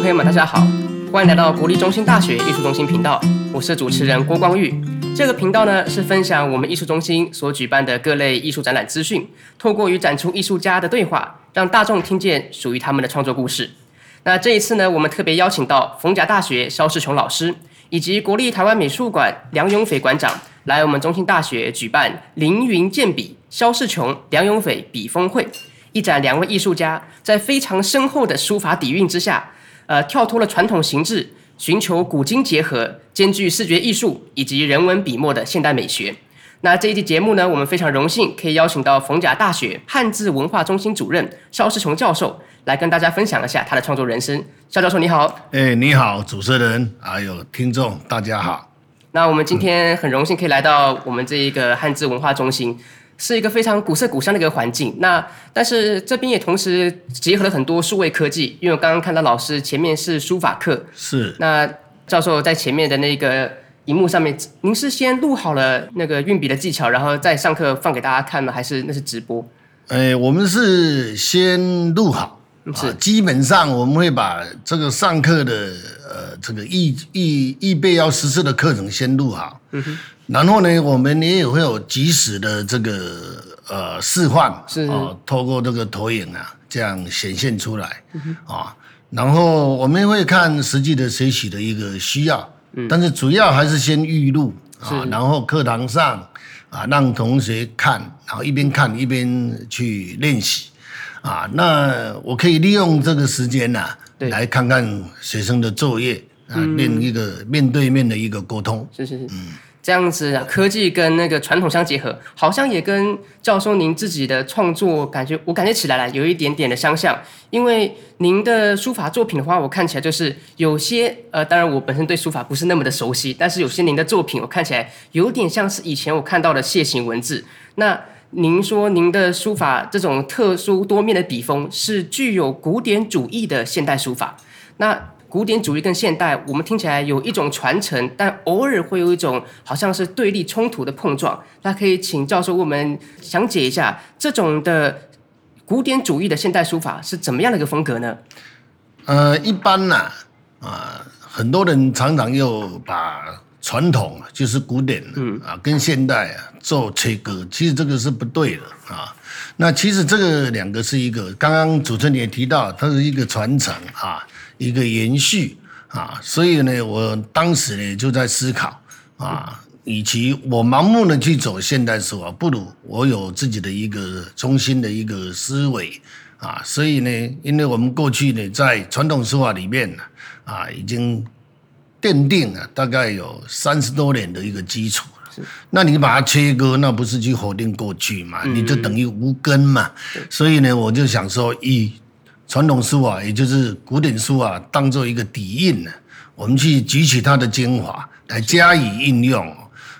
朋友們，大家好，歡迎來到國立中興大學藝術中心頻道。我是主持人郭光裕。這個頻道呢，是分享我們藝術中心所舉辦的各類藝術展覽資訊，透過與展出藝術家的對話，讓大眾聽見屬於他們的創作故事。那這一次呢，我們特別邀請到逢甲大學蕭世瓊老師以及國立台灣美術館梁永斐館，館長來我們中興大學舉辦“凌雲健筆”蕭世瓊、梁永斐筆鋒會，一展兩位藝術家在非常深厚的書法底蘊之下。呃，跳脫了傳統形制，尋求古今結合，兼具視覺藝術以及人文筆墨的現代美學。那這一期節目呢，我們非常榮幸可以邀請到逢甲大學漢字文化中心主任蕭世瓊教授來跟大家分享一下他的創作人生。蕭教授你好。誒、欸，你好，主持人還有聽眾大家好，好。那我們今天很榮幸可以來到我們這一個漢字文化中心。是一個非常古色古香的一個環境，那但是這邊也同時結合了很多數位科技，因為我剛剛看到老師前面是書法課，是那教授在前面的那個熒幕上面，您是先錄好了那個運筆的技巧，然後再上課放給大家看嗎？還是那是直播？哎，我們是先錄好，是、啊、基本上我們會把這個上課的呃這個預預預備要實施的課程先錄好。然後呢，我們也會有及時的這個呃示範，啊是、哦，透過這個投影啊，這樣顯現出來，啊、哦，然後我們會看實際的學習的一個需要，嗯、但是主要還是先預錄啊是、哦，然後課堂上啊，讓同學看，然後一邊看一邊去練習，啊，那我可以利用這個時間啊，對來看看學生的作業。啊，另一個面對面的一個溝通是是是，嗯、這樣子、啊、科技跟那個傳統相結合，好像也跟教授您自己的創作感覺，我感覺起來了有一點點的相像。因為您的書法作品的話，我看起來就是有些呃，當然我本身對書法不是那麼的熟悉，但是有些您的作品我看起來有點像是以前我看到的楔形文字。那您說您的書法這種特殊多面的筆鋒是具有古典主義的現代書法。那古典主義跟現代，我們聽起來有一種傳承，但偶爾會有一種好像是對立衝突的碰撞。那可以請教授為我們詳解一下，這種的古典主義的現代書法是怎麼樣的一個風格呢？呃，一般呢、啊，啊，很多人常常又把傳統就是古典、啊、嗯，啊跟現代、啊、做切割，其實這個是不對的啊。那其實這個兩個是一個，剛剛主持人也提到，它是一個傳承啊。一個延續啊，所以呢，我當時呢就在思考啊，與其我盲目的去走現代書法啊，不如我有自己的一個中心的一個思維啊。所以呢，因為我們過去呢在傳統書法裡面呢啊，已經奠定了大概有三十多年的一個基礎了。是那你把它切割，那不是去否定過去嘛？你就等於無根嘛。嗯、所以呢，我就想說以，一傳統書啊，也就是古典書啊，當做一個底蘊呢，我們去汲取它的精華來加以應用，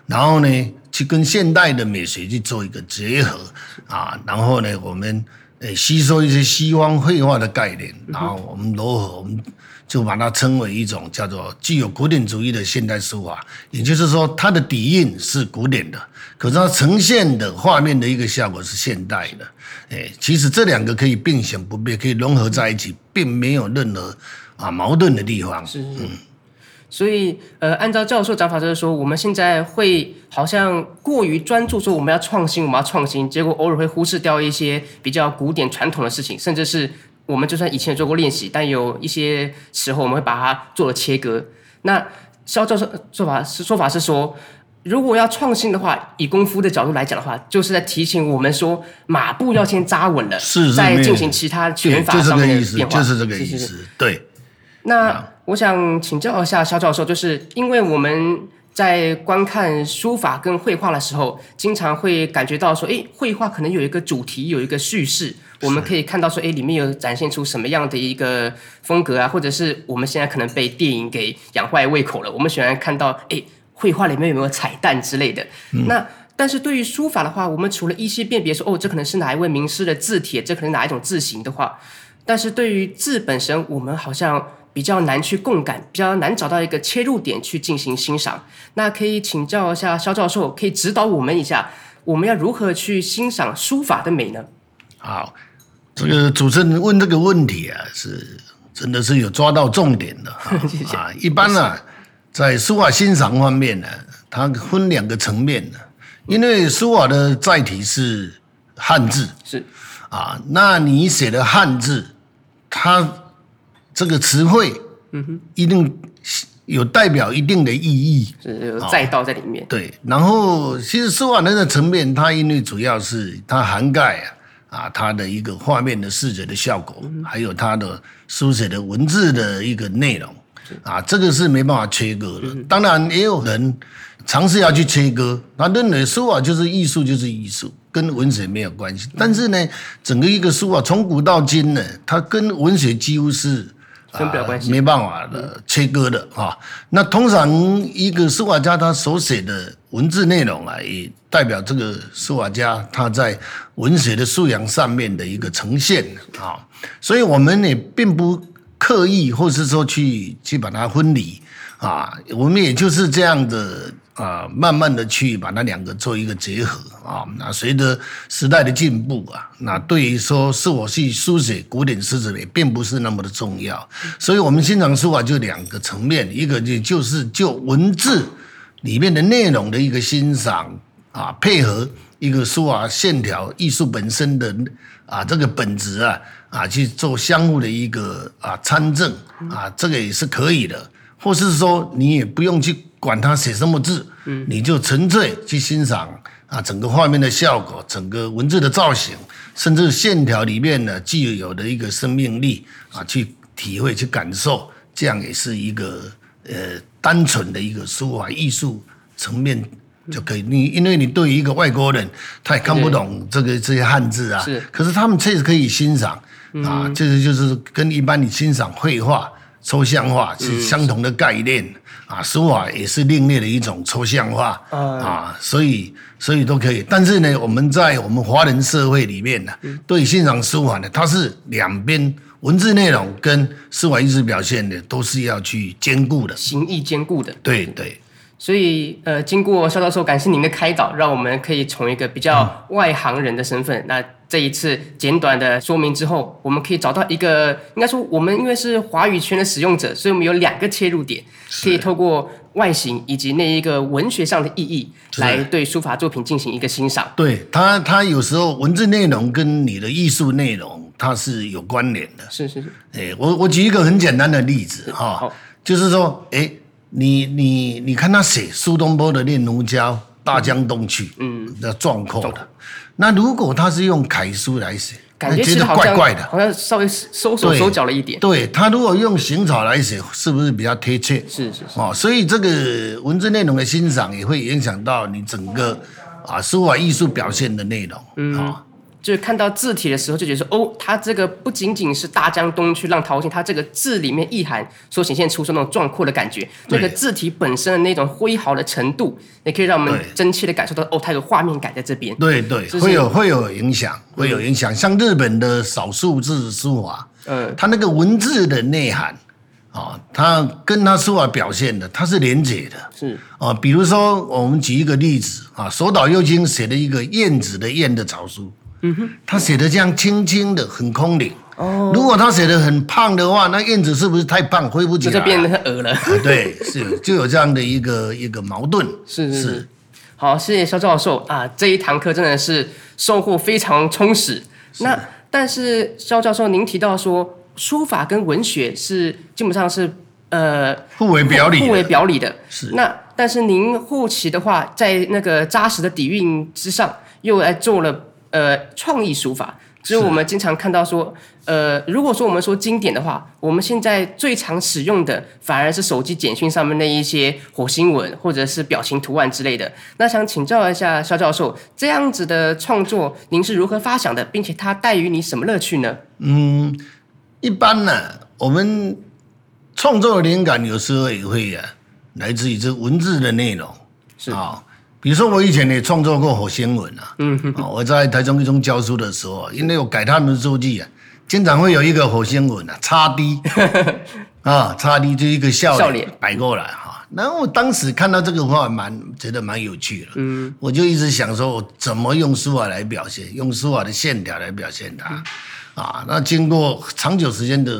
然後呢，去跟現代的美學去做一個結合啊，然後呢，我們、欸、吸收一些西方繪畫的概念，然後我們如何我們。就把它稱為一種叫做具有古典主義的現代書法，也就是說它的底蘊是古典的，可是它呈現的畫面的一個效果是現代的。哎，其實這兩個可以並行不悖，可以融合在一起，並沒有任何啊矛盾的地方，嗯。是是。所以呃，按照教授講法就是說，我們現在會好像過於專注說我們要創新，我們要創新，結果偶爾會忽視掉一些比較古典傳統的事情，甚至是。我們就算以前做過練習，但有一些時候我們會把它做了切割。那蕭教授做法是說法是說，如果要創新的話，以功夫的角度來講的話，就是在提醒我們說，馬步要先扎穩了，嗯，是是，再進行其他拳法上面的變化。就是這個意思，就是這個意思，對，是是。那我想請教一下蕭教授，就是因為我們在觀看書法跟繪畫的時候，經常會感覺到說，誒，繪畫可能有一個主題，有一個敘事。我們可以看到說，誒裡面有展現出什麼樣的一個風格啊？或者是我們現在可能被電影給養壞胃口了，我們喜歡看到誒繪畫裡面有沒有彩蛋之類的。嗯、那但是對於書法的話，我們除了依稀辨別說，哦，這可能是哪一位名師的字帖，這可能哪一種字型的話，但是對於字本身，我們好像比較難去共感，比較難找到一個切入點去進行欣賞。那可以請教一下蕭教授，可以指導我們一下，我們要如何去欣賞書法的美呢？好。呃，嗯、主持人問這個問題啊，是真的是有抓到重點的 謝謝啊。一般呢、啊，是在書法欣賞方面呢、啊，它分兩個層面的、啊，因為書法的載體是漢字，嗯、是啊。那你寫的漢字，它這個詞彙，嗯哼，一定有代表一定的意義，是是有載道在裡面。啊、對。然後，其實書法那個層面，它因為主要是它涵蓋啊。啊，它的一個畫面的視覺的效果，還有它的書寫的文字的一個內容，啊，這個是沒辦法切割的。當然也有人嘗試要去切割，他認為書法就是藝術，就是藝術，跟文學沒有關係。但是呢，整個一個書啊，從古到今呢，它跟文學幾乎是。分、啊、沒辦法的切割的啊。嗯、那通常一個書法家他所寫的文字內容啊，也代表這個書法家他在文學的素養上面的一個呈現啊。所以我們也並不刻意，或是說去去把它分離啊。我們也就是這樣的。啊、呃，慢慢的去把那兩個做一個結合啊、哦。那隨着時代的進步啊，那對於說是否去書寫古典詩詞也並不是那麼的重要。所以，我們欣賞書法就兩個層面，一個就就是就文字裡面的內容的一個欣賞啊、呃，配合一個書法、啊、線條藝術本身的啊、呃、這個本質啊啊、呃、去做相互的一個啊、呃、參證啊、呃，這個也是可以的。或是說你也不用去管他寫什麼字，嗯、你就純粹去欣賞啊整個畫面的效果，整個文字的造型，甚至線條裡面呢具有的一個生命力啊，去體會去感受，這樣也是一個呃單純的一個書法藝術層面就可以。嗯、你因為你對於一個外國人，他也看不懂這個對這些漢字啊，是，可是他們確實可以欣賞，啊，這、嗯、就是跟一般你欣賞繪畫。抽象化是相同的概念，嗯、啊，書法也是另類的一種抽象化，嗯、啊，所以所以都可以。但是呢，我們在我們華人社會裡面呢，嗯、對欣賞書法呢，它是兩邊文字內容跟書法藝術表現呢，都是要去兼顧的，形意兼顧的，對對。對所以，呃，經過蕭教授感謝您的開導，讓我們可以從一個比較外行人的身份，嗯、那這一次簡短的說明之後，我們可以找到一個，應該說我們因為是華語圈的使用者，所以我們有兩個切入點，是可以透過外形以及那一個文學上的意義是來對書法作品進行一個欣賞。對，它它有時候文字內容跟你的藝術內容它是有關聯的。是是是。誒、欸，我我舉一個很簡單的例子哈，是哦、就是說，誒、欸。你你你看他寫蘇東坡的《念奴嬌》，大江東去，嗯，要壯闊的。嗯、那如果他是用楷書來寫，感覺好像怪怪的好，好像稍微收手收腳了一點。對，對他如果用行草來寫，是不是比較貼切？是是是。哦，所以這個文字內容的欣賞也會影響到你整個啊書法藝術表現的內容，啊、嗯。哦。就是看到字體的時候，就覺得說哦，它這個不僅僅是大江東去浪淘盡，它這個字裡面意涵所顯現出說那種壯闊的感覺，這對個字體本身的那種揮毫的程度，也可以讓我們真切的感受到對哦，它有畫面感在這邊。對對，是是會有會有影響，會有影響。像日本的少數字書法，嗯，它那個文字的內涵啊、哦，它跟它書法表現的它是連接的。是啊、哦，比如說我們舉一個例子啊，手島右京寫了一個燕子的燕的草書。嗯哼，他寫的這樣輕輕的，很空靈。哦，如果他寫的很胖的話，那燕子是不是太胖？揮不起，啊？這就變成很，呃，了，啊。對，是就有這樣的一個 一個矛盾。是是是。好，謝謝蕭教授啊，這一堂課真的是收穫非常充實。是那但是蕭教授，您提到說書法跟文學是基本上是呃互為表裡、互為表裡的。是。是那但是您後期的話，在那個扎實的底蘊之上，又來做了。呃，創意書法，所以我們經常看到說，是呃，如果說我們說經典的話，我們現在最常使用的反而是手機簡訊上面的一些火星文，或者是表情圖案之類的。那想請教一下蕭教授，這樣子的創作，您是如何發想的，並且它帶予你什麼樂趣呢？嗯，一般呢、啊，我們創作的靈感有時候也會啊，來自於這文字的內容，是啊。哦比如說，我以前也創作過火星文啊。我在台中一中教書的時候，因為我改他們的周記啊，經常會有一個火星文啊，叉 D，啊，叉 D 就一個笑臉擺過來哈、啊。然後我當時看到這個話，蠻覺得蠻有趣的。嗯。我就一直想說，我怎麼用書法來表現，用書法的線條來表現它，啊,啊，那經過長久時間的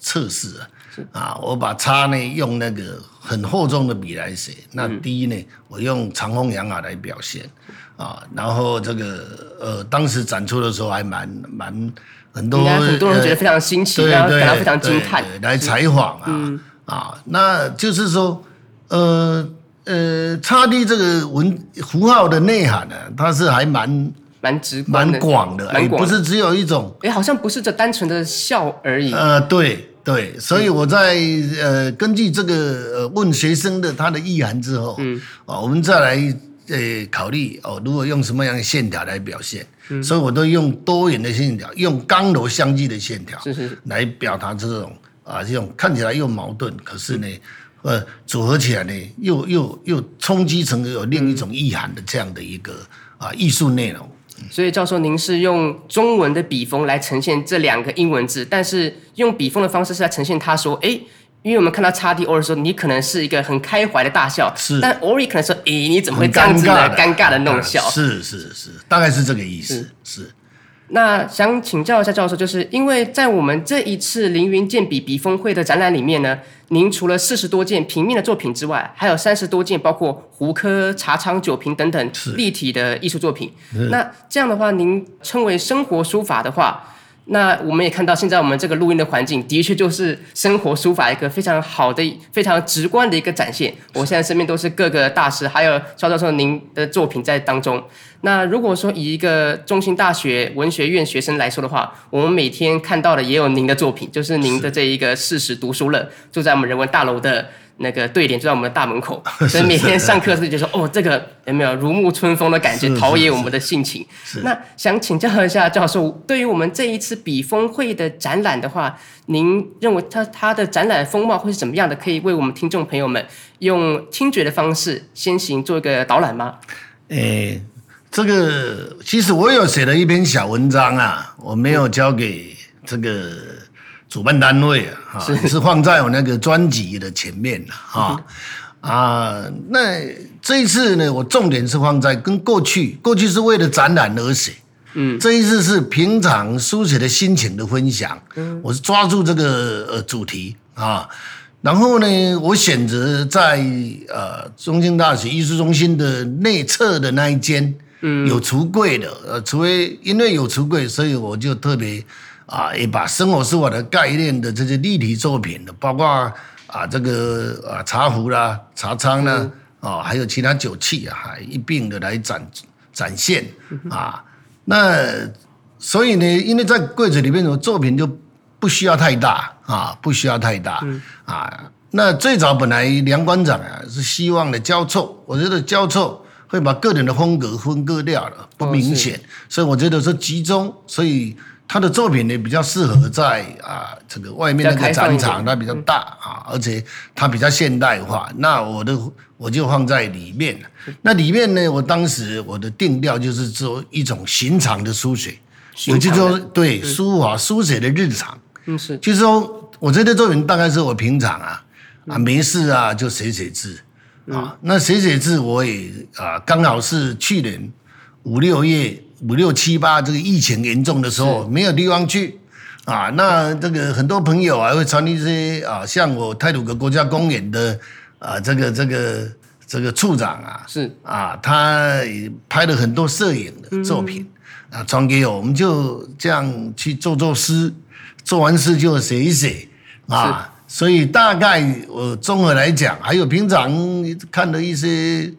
測試啊。啊，我把叉呢，用那個很厚重的筆來寫。那第一呢，嗯、我用長鋒羊毫來表現啊。然後這個呃，當時展出的時候還蠻蠻很多、嗯啊、很多人覺得非常新奇，然後、呃、感到非常驚嘆對對對。來採訪啊、嗯、啊，那就是說呃呃，叉、呃、的這個文符號的內涵呢、啊，它是還蠻蠻直蠻廣的，哎、欸欸，不是只有一種。哎、欸，好像不是這單純的笑而已。呃，對。對，所以我在呃根據這個呃問學生的他的意涵之後，嗯，啊、哦、我們再來呃考慮哦，如果用什麼樣的線條來表現，嗯，所以我都用多元的線條，用剛柔相濟的線條，是是，來表達這種是是是啊這種看起來又矛盾，可是呢，嗯、呃組合起來呢又又又衝擊成有另一種意涵的、嗯、這樣的一個啊藝術內容。所以，教授，您是用中文的筆鋒來呈現這兩個英文字，但是用筆鋒的方式是來呈現他說：“誒，因為我們看到 XD，or 說你可能是一個很開懷的大笑。”是，但 or 可能說：“誒，你怎麼會這樣子尷尬的那種笑？”嗯、是是是，大概是這個意思。是。是。那想請教一下教授，就是因為在我們這一次「凌雲健筆」筆鋒會的展覽裡面呢，您除了四十多件平面的作品之外，還有三十多件包括壺、刻、茶倉、酒瓶等等立體的藝術作品是。那這樣的話，您稱為生活書法的話？那我們也看到，現在我們這個錄音的環境的確就是生活書法一個非常好的、非常直觀的一個展現。我現在身邊都是各個大師，還有蕭教授您的作品在當中。那如果說以一個中興大學文學院學生來說的話，我們每天看到的也有您的作品，就是您的這一個“四時讀書樂”，是住在我們人文大樓的。那個對聯就在我們的大門口，所以每天上課時就說是是、啊、哦，這個有沒有如沐春風的感覺，是是是陶冶我們的性情。是是是，那想請教一下教授，對於我們這一次筆鋒會的展覽的話，您認為它它的展覽風貌會是怎麼樣的？可以為我們聽眾朋友們用聽覺的方式先行做一個導覽嗎？哎，這個其實我有寫了一篇小文章啊，我沒有交給這個。嗯主辦單位啊是、哦，是放在我那個專輯的前面了哈啊。那這一次呢，我重點是放在跟過去，過去是為了展覽而寫，嗯，這一次是平常書寫的心情的分享。嗯，我是抓住這個呃主題啊、哦，然後呢，我選擇在呃中興大學藝術中心的內側的那一間，嗯，有櫥櫃的呃，除非，因為有櫥櫃，所以我就特別。啊，也把生活是我的概念的這些立體作品的，包括啊這個啊茶壺啦、茶倉呢，嗯、啊，還有其他酒器啊，還一併的來展展現啊。嗯、哼那所以呢，因為在櫃子裡面有作品，就不需要太大啊，不需要太大、嗯、啊。那最早本來梁館長啊是希望的交錯，我覺得交錯會把個人的風格分割掉了，不明顯，哦、所以我覺得說集中，所以。他的作品呢比較適合在啊這、呃、個外面那個展場，比它比較大啊，而且它比較現代化。嗯、那我的我就放在裡面、嗯、那裡面呢，我當時我的定調就是做一種尋常的書寫，也就是說，對、嗯、書法、書寫的日常。就、嗯、是說我這堆作品大概是我平常啊啊沒事啊就寫寫字、嗯、啊。那寫寫字我也啊剛好是去年五六月。嗯嗯五六七八這個疫情嚴重的時候，沒有地方去啊，是 那這個很多朋友還、啊、會傳一些啊，像我太魯閣國家公園的啊，這個這個這個處長啊，是啊，他也拍了很多攝影的作品啊，傳給我，我們就這樣去做做詩，做完詩就寫一寫啊，是 所以大概我綜合來講，還有平常看的一些。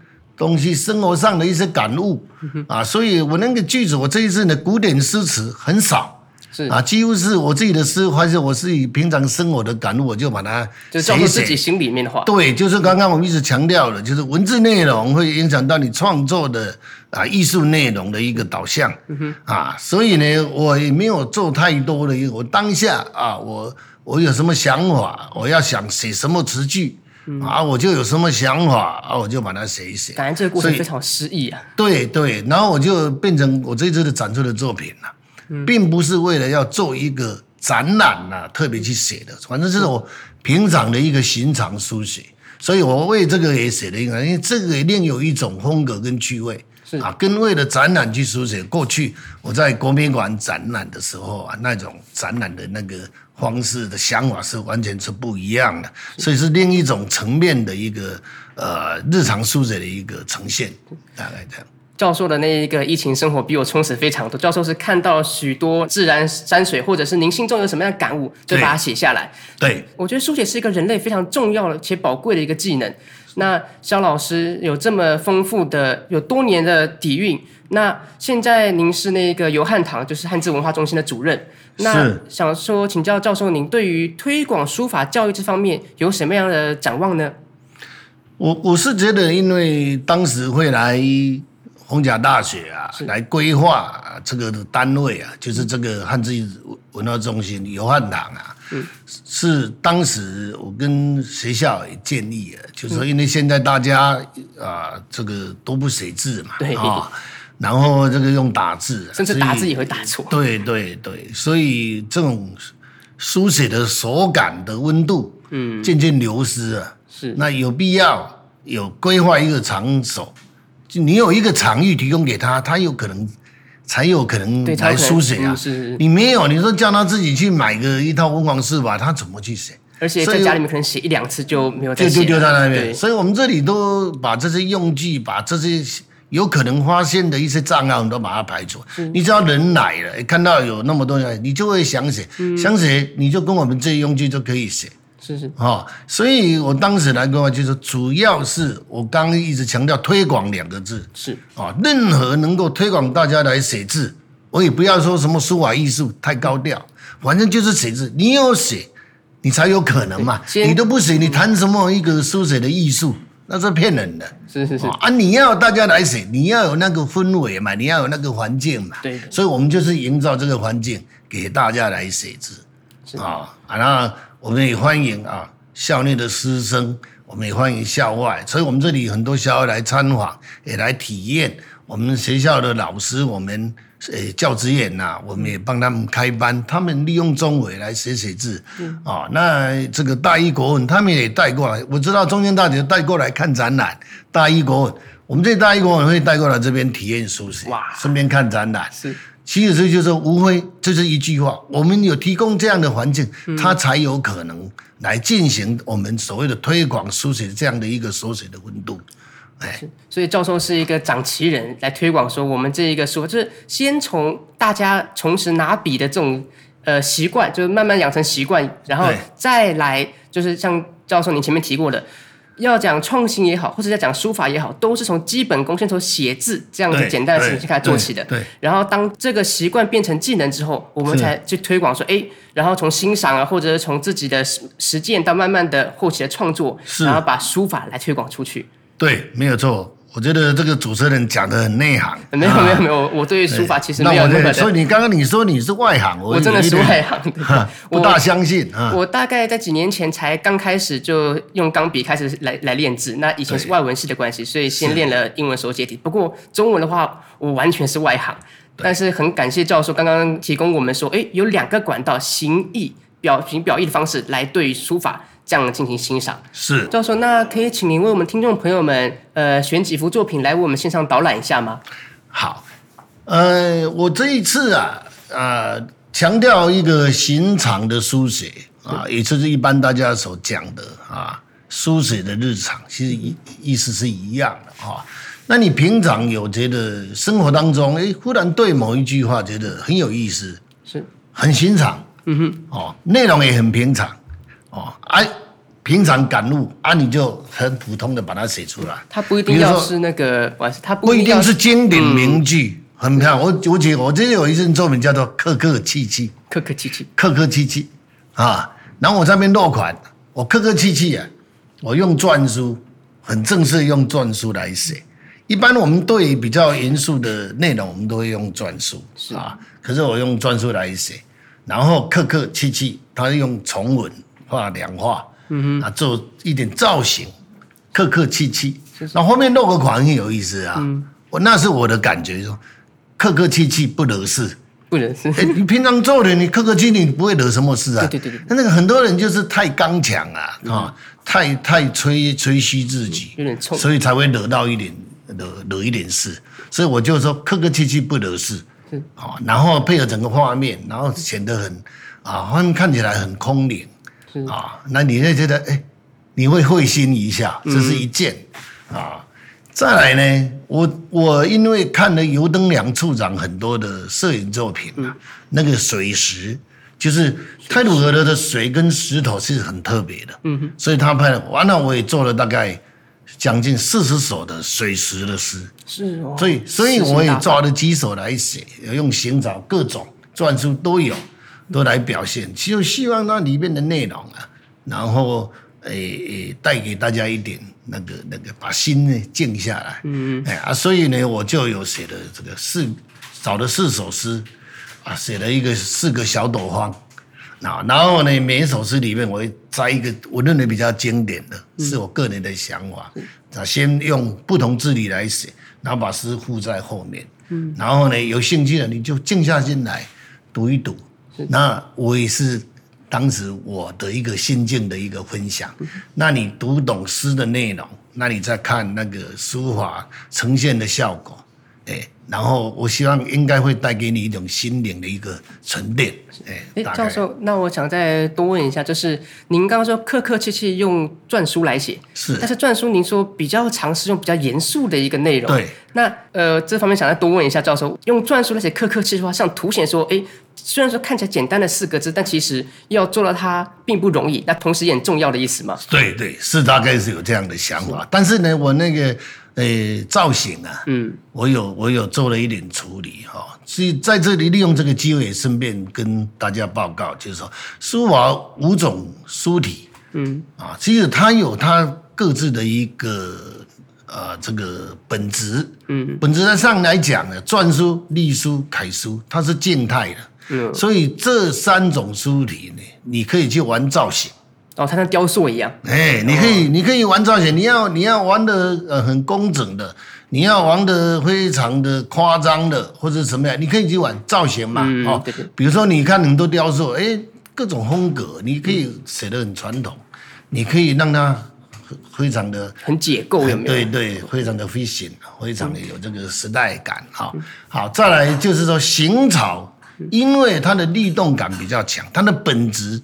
東西生活上的一些感悟、嗯、哼啊，所以我那個句子，我這一次的古典詩詞很少，是啊，幾乎是我自己的詩，還是我自己平常生活的感悟，我就把它寫寫就寫寫自己心裡面的話。對，就是剛剛我們一直強調的，嗯、就是文字內容會影響到你創作的啊藝術內容的一個導向、嗯、哼啊，所以呢，我也沒有做太多的，我當下啊，我我有什麼想法，我要想寫什麼詞句。嗯、啊，我就有什麼想法，啊，我就把它寫一寫。感覺這個過程非常詩意啊。對對，然後我就變成我這次的展出的作品了，啊，嗯、並不是為了要做一個展覽啊，特別去寫的，反正這是我平常的一個尋常書寫。嗯、所以我為這個也寫了一個，因為這個也另有一種風格跟趣味，是啊，跟為了展覽去書寫。過去我在國美館展覽的時候啊，那種展覽的那個。方式的想法是完全是不一樣的，所以是另一種層面的一個呃日常書寫的一個呈現。大概這樣。教授的那一個疫情生活比我充實非常多。教授是看到許多自然山水，或者是您心中有什麼樣的感悟，就把它寫下來。對，對我覺得書寫是一個人類非常重要且寶貴的一個技能。那蕭老師有這麼豐富的有多年的底蘊，那現在您是那個尤漢堂，就是漢字文化中心的主任。那想說，請教教授您對於推廣書法教育這方面有什麼樣的展望呢？我我是覺得，因為當時會來逢甲大學啊，來規劃、啊、這個的單位啊，就是這個漢字文化中心有漢堂啊，嗯、是當時我跟學校也建議的、啊，就是、說因為現在大家啊，這個都不寫字嘛，對啊。哦然後這個用打字，嗯，甚至打字也會打錯。對對對，所以這種書寫的手感的溫度，嗯，漸漸流失了。嗯、是，那有必要有規劃一個場所，就你有一個場域提供給他，他有可能才有可能才書寫啊。嗯、是是你沒有，你說叫他自己去買個一套文房四寶，他怎麼去寫？而且在家裡面可能寫一兩次就沒有再寫。就丢丟在那邊。對所以我們這裡都把這些用具，把這些。有可能發現的一些障礙，你都把它排除。你知道人來了，看到有那麼多人，你就會想寫，想寫，你就跟我們這些用具就可以寫。是是啊，所以我當時來跟我就說，主要是我剛一直強調推廣兩個字。是啊，任何能夠推廣大家來寫字，我也不要說什麼書法藝術太高調，反正就是寫字，你有寫，你才有可能嘛。你都不寫，你談什麼一個書寫的藝術？那是騙人的，是是是啊！你要大家來寫，你要有那個氛圍嘛，你要有那個環境嘛。對的，所以我們就是營造這個環境給大家來寫字。啊是啊！那我們也歡迎啊，校內的師生，我們也歡迎校外。所以我們這裡很多校外來參訪，也來體驗我們學校的老師，我們。誒、欸，教職員吶、啊，我們也幫他們開班，嗯、他們利用中文來寫寫字，啊、嗯哦，那這個大一國文，他們也帶過來。我知道中興大學帶過來看展覽，大一國文，我們這大一國文會帶過來這邊體驗書寫，順哇便看展覽。是，其實就是無非就是一句話，我們有提供這樣的環境，嗯、它才有可能來進行我們所謂的推廣書寫這樣的一個書寫的溫度。所以教授是一個掌旗人來推廣說，我們這一個書法就是先從大家從事拿筆的這種呃習慣，就是慢慢養成習慣，然後再來就是像教授您前面提過的，要講創新也好，或者要講書法也好，都是從基本功，先從寫字這樣子簡單的形式開始做起的。對。然後當這個習慣變成技能之後，我們才去推廣說，哎，然後從欣賞啊，或者是從自己的實實踐到慢慢的後期的創作，然後把書法來推廣出去。對，沒有錯。我覺得這個主持人講得很內行。沒有沒有沒有，啊、我對書法其實沒有那。那我所以你剛剛你說你是外行，我，我真的是外行，呵不大相信。我，呵我大概在幾年前才剛開始就用鋼筆開始來來練字。那以前是外文系的關係，對所以先練了英文手寫體。是不過中文的話，我完全是外行。對但是很感謝教授剛剛提供我們說，哎，有兩個管道，形意表形表意的方式來對書法。這樣進行欣賞，是教授，那可以請您為我們聽眾朋友們，呃，選幾幅作品來為我們現場導覽一下嗎？好，呃，我這一次啊，啊、呃，強調一個尋常的書寫啊，也就是一般大家所講的啊，書寫的日常，其實意意思是一樣的，哦，那你平常有覺得生活當中，欸，忽然對某一句話覺得很有意思，是很尋常，嗯哼，哦，內容也很平常。哦，哎、啊，平常感悟啊，你就很普通的把它寫出來。他不一定要是那個，他不一定是經典名句，嗯、很漂亮。的我我記得我這裡有一件作品叫做《客客氣氣》，客客氣氣，客客氣氣，啊，然後我這邊落款，我客客氣氣啊，我用篆書，很正式用篆書來寫。一般我們對比較嚴肅的內容，我們都會用篆書，是的啊。可是我用篆書來寫，然後客客氣氣，他用重文。話涼話，嗯啊，做一點造型，客客氣氣，那是後，後面露個款很有意思啊。嗯、我那是我的感覺說，說客客氣氣不惹事，不惹事。你平常做的你客客氣氣，你不會惹什麼事啊。對，對對對。那個很多人就是太剛強啊，哦、太太吹吹噓自己，有點臭，所以才會惹到一點惹惹一點事。所以我就說客客氣氣不惹事，啊是，然後配合整個畫面，然後顯得很啊，好像看起來很空靈。啊是、哦，那你會覺得哎，你會會心一下，這是一件啊、嗯哼哦。再來呢，我我因為看了尤登良處長很多的攝影作品、嗯啊、那個水石，就是太魯閣的的水跟石頭是很特別的，嗯哼，所以他拍完了，我也做了大概將近四十首的水石的詩，是哦，所以所以我也抓了幾首來寫，用行草各種篆書都有。都來表現，就希望那裡面的內容啊，然後誒誒，帶、欸欸、給大家一點那個那個，把心呢靜下來。嗯嗯。哎、欸、啊，所以呢，我就有寫的這個四，找了四首詩，啊，寫了一個四個小斗方，啊，然後呢，每一首詩裡面，我會摘一個我認為比較經典的，嗯、是我個人的想法。嗯。啊，先用不同字體來寫，然後把詩附在後面。嗯。然後呢，有興趣的你就靜下心來讀一讀。那我也是當時我的一個心境的一個分享。那你讀懂詩的內容，那你再看那個書法呈現的效果，哎、欸，然後我希望應該會帶給你一種心靈的一個沉澱。哎、欸欸，教授，那我想再多問一下，就是您剛剛說客客氣氣用篆書來寫，是，但是篆書您說比較嘗試用比較嚴肅的一個內容，對。那呃，這方面想再多問一下教授，用篆書來寫客客氣的話，像凸顯說，哎、欸。雖然說看起來簡單的四個字，但其實要做到它並不容易。那同時也很重要的意思嘛。對對，是大概是有這樣的想法。是，但是呢，我那個、呃、造型啊，嗯，我有我有做了一點處理哈、哦。所以在這裡利用這個機會，也順便跟大家報告，就是說書法五種書體，嗯啊，其實它有它各自的一個、呃、這個本質，嗯，本質上來講呢，篆書、隸書、楷書，它是靜態的。嗯、所以這三種書體呢，你可以去玩造型哦，它像雕塑一樣。哎，你可以，哦、你可以玩造型。你要，你要玩的呃很工整的，你要玩的非常的誇張的，或者什麼樣，你可以去玩造型嘛。哦，嗯，對對，比如說你看很多雕塑，哎，各種風格，你可以寫得很傳統，嗯，你可以讓它非常的很解構的，嗯，對對，非常的 fashion 非常的有這個時代感。哈，嗯，好，再來就是說行草。因為它的律動感比較強，它的本質，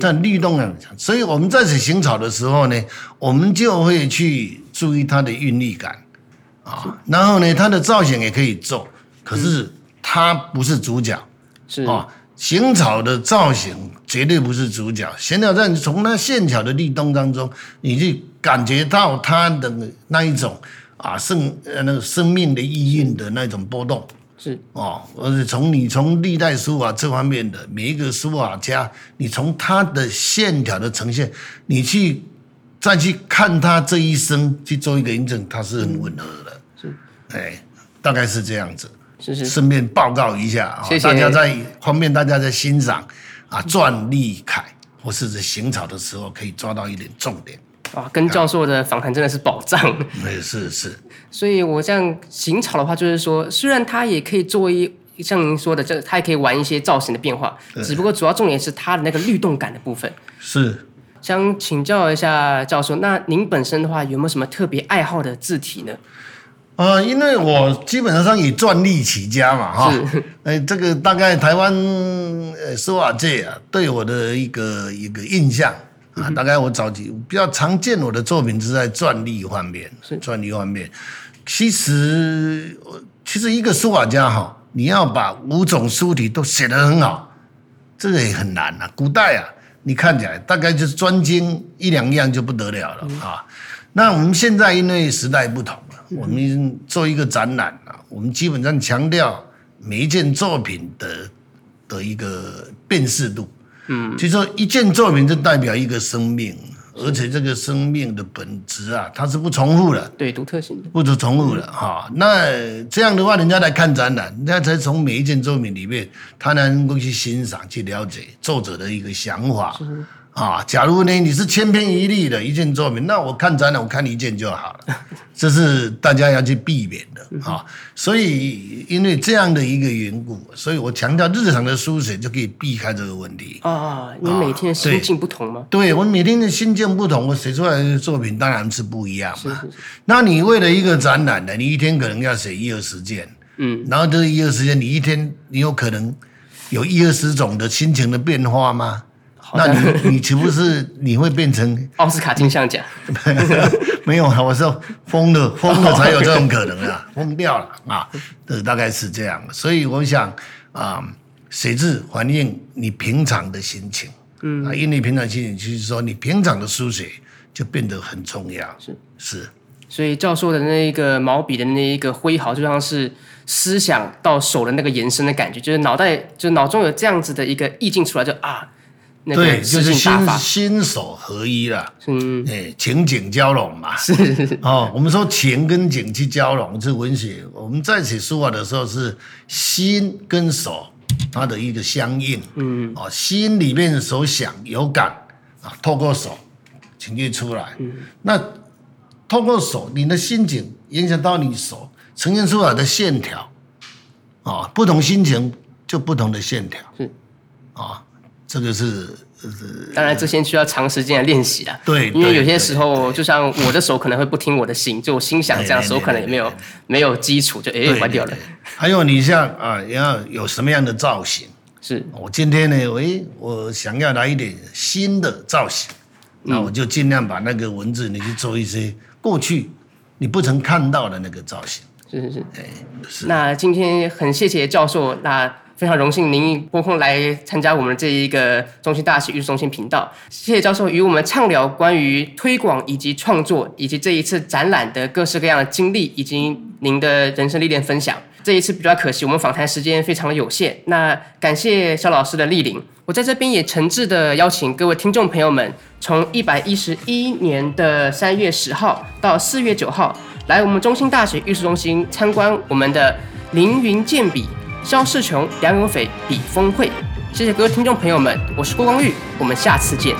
它律動感很強，所以我們在寫行草的時候呢，我們就會去注意它的韻律感，啊是，然後呢，它的造型也可以做，可是它不是主角，是啊、嗯，行草的造型絕對不是主角，是行草在從它線條的律動當中，你去感覺到它的那一種，啊生呃那個生命的意蘊的那一種波動。是哦，而且從你從歷代書法、啊、這方面的每一個書法、啊、家，你從他的線條的呈現，你去再去看他這一生去做一個印證，他是很吻合的。是，哎，大概是這樣子。順是便報告一下，是是哦、謝謝大家在方便大家在欣賞啊篆隸楷，利嗯、或是在行草的時候，可以抓到一點重點。啊，跟教授的訪談真的是寶藏。沒事、啊，是。是。所以，我這樣行草的話，就是說，雖然它也可以作為像您說的這，它也可以玩一些造型的變化，對只不過主要重點是它的那個律動感的部分。是。想請教一下教授，那您本身的話，有沒有什麼特別愛好的字體呢？呃，因為我基本上以篆隸起家嘛，哈是。哎、呃，這個大概台灣書法界啊，對我的一個一個印象。啊，大概我早期比較常見我的作品是在篆隸方面，篆隸方面，其實，其實一個書法家哈，你要把五種書體都寫得很好，這個也很難啊。古代啊，你看起來大概就是專精一兩樣就不得了了、嗯、啊。那我們現在因為時代不同了，我們做一個展覽了，嗯、我們基本上強調每一件作品的的一個辨識度。嗯，其實說一件作品就代表一個生命，是而且這個生命的本質啊，它是不重複的，對，獨特性的，不重複的哈是、哦。那這樣的話，人家來看展覽，人家才從每一件作品裡面，他能夠去欣賞、去了解作者的一個想法。是呵呵啊，假如呢，你是千篇一律的一件作品，那我看展覽，我看一件就好了， 這是大家要去避免的啊。嗯、哼所以，因為這樣的一個緣故，所以我強調日常的書寫就可以避開這個問題。啊、哦，哦、你每天心境不同嗎？對，對嗯、我每天的心境不同，我寫出來的作品當然是不一樣嘛。是，是，是。那你為了一個展覽呢，你一天可能要寫一二十件，嗯，然後這一二十件，你一天你有可能有一二十種的心情的變化嗎？好那你你豈不是你會變成 奧斯卡金像獎、嗯？ 沒有，我說瘋了，瘋了才有這種可能啊！瘋、oh, okay. 掉了啊！這、就是、大概是這樣。所以我想啊，寫、嗯、字反映你平常的心情。嗯啊，因為你平常的心情就是說，你平常的書寫就變得很重要。是是。是所以教授的那個毛筆的那一個揮毫，就像是思想到手的那個延伸的感覺，就是腦袋就是、腦中有這樣子的一個意境出來就，就啊。對，就是心心手合一了。嗯，欸，情景交融嘛。是是。哦，我們說情跟景去交融這文學。我們在寫書法的時候是心跟手它的一個相應。嗯。哦，心裡面所想有感啊，透過手呈現出來。嗯。那透過手，你的心境影響到你手呈現出來的線條，啊、哦，不同心情就不同的線條。是。啊、哦。這個是，當然這些需要長時間的練習啊。對，因為有些時候，就像我的手可能會不聽我的心，就我心想這樣，手可能也沒有沒有基礎，就哎壞掉了。還有你像啊，要有什麼樣的造型？是，我今天呢，哎，我想要來一點新的造型，那我就盡量把那個文字，你去做一些過去你不曾看到的那個造型。是是是，哎，是。那今天很謝謝教授，那。非常榮幸您撥空來參加我們這一個中興大學藝術中心頻道，謝謝教授與我們暢聊關於推廣以及創作以及這一次展覽的各式各樣的經歷以及您的人生歷練分享。這一次比較可惜，我們訪談時間非常的有限。那感謝蕭老師的蒞臨，我在這邊也誠摯的邀請各位聽眾朋友們，從一百一十一年的三月十號到四月九號，來我們中興大學藝術中心參觀我們的凌雲健筆。蕭世瓊、梁永斐、筆鋒會。謝謝各位聽眾朋友們，我是郭光裕，我們下次見。